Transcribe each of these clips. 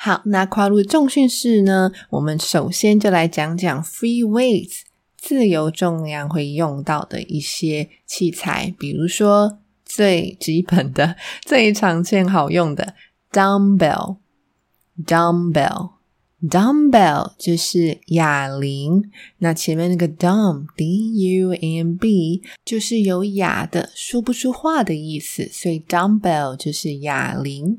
好，那跨入重訓室呢？我們首先就來講講 free weights 自由重量會用到的一些器材，比如說最基本的、最常見、好用的 dumbbell，dumbbell，dumbbell 就是啞鈴。那前面那個 dumb，d u m b 就是有啞的說不出話的意思，所以 dumbbell 就是啞鈴。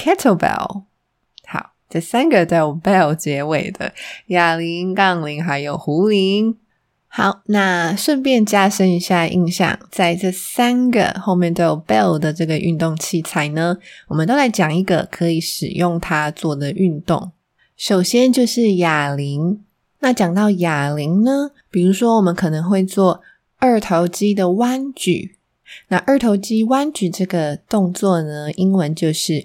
Kettlebell，好，這三個都有 bell 結尾的啞鈴、槓鈴還有壺鈴。好，那順便加深一下印象，在這三個後面都有 bell 的這個運動器材呢，我們都來講一個可以使用它做的運動。首先就是啞鈴。那講到啞鈴呢，比如說我們可能會做二頭肌的彎舉。那二頭肌彎舉這個動作呢，英文就是。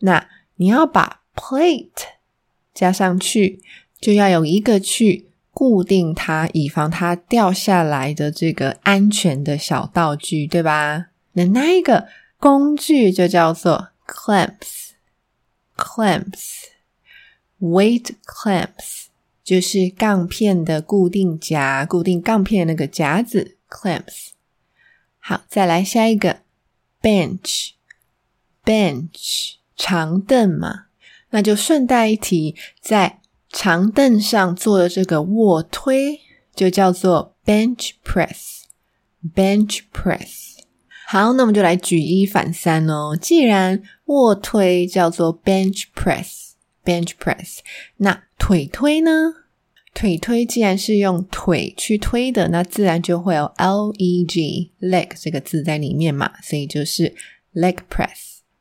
那你要把 plate 加上去，就要有一個去固定它，以防它掉下來的這個安全的小道具，對吧？那那一個工具就叫做 clamps，clamps，weight clamps 就是槓片的固定夾，固定槓片的那個夾子 clamps。好，再來下一個 bench，bench。Bench, bench, 長凳嘛，那就順帶一提，在長凳上做的這個臥推就叫做 bench press。bench press。好，那我們就來舉一反三哦。既然臥推叫做 bench press，bench press，那腿推呢？腿推既然是用腿去推的，那自然就會有 L-E-G, leg 這個字在裡面嘛，所以就是 leg press。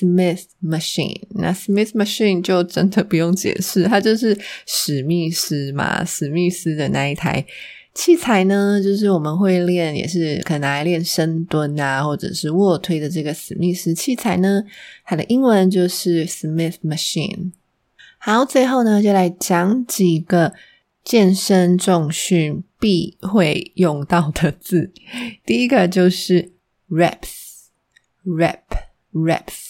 Smith machine，那 Smith machine 就真的不用解釋，它就是史密斯嘛。史密斯的那一台器材呢，就是我們會練，也是可能拿來練深蹲啊，或者是臥推的這個史密斯器材呢，它的英文就是 Smith machine。好，最後呢，就來講幾個健身重訓必會用到的字。第一個就是 reps，rep reps。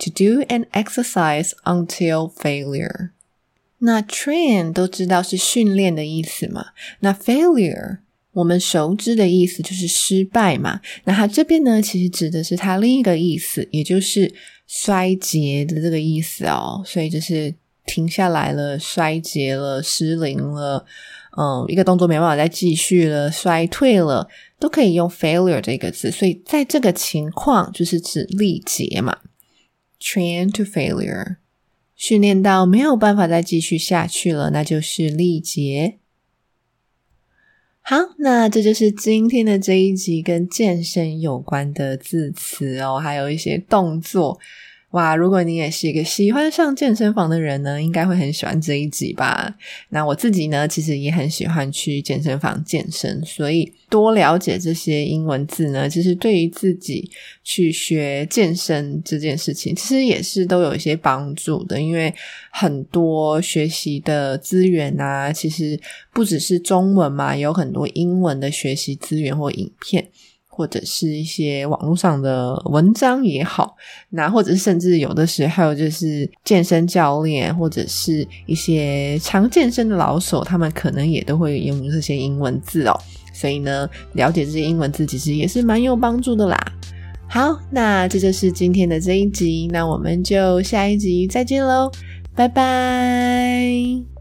To do an exercise until failure。那 train 都知道是訓練的意思嘛？那 failure 我們熟知的意思就是失敗嘛？那它這邊呢，其實指的是它另一個意思，也就是衰竭的這個意思哦。所以就是停下來了，衰竭了，失靈了，嗯，一個動作沒辦法再繼續了，衰退了，都可以用 failure 這個字。所以在這個情況，就是指力竭嘛。Train to failure，訓練到沒有辦法再繼續下去了，那就是力竭。好，那這就是今天的這一集跟健身有關的字詞哦，還有一些動作。哇，如果你也是一個喜歡上健身房的人呢，應該會很喜歡這一集吧？那我自己呢，其實也很喜歡去健身房健身，所以多了解這些英文字呢，其實對於自己去學健身這件事情，其實也是都有一些幫助的。因為很多學習的資源啊，其實不只是中文嘛，有很多英文的學習資源或影片。或者是一些網絡上的文章也好，那或者甚至有的時候，就是健身教練或者是一些常健身的老手，他們可能也都會用這些英文字哦。所以呢，了解這些英文字其實也是蠻有幫助的啦。好，那這就是今天的這一集，那我們就下一集再見嘍，拜拜。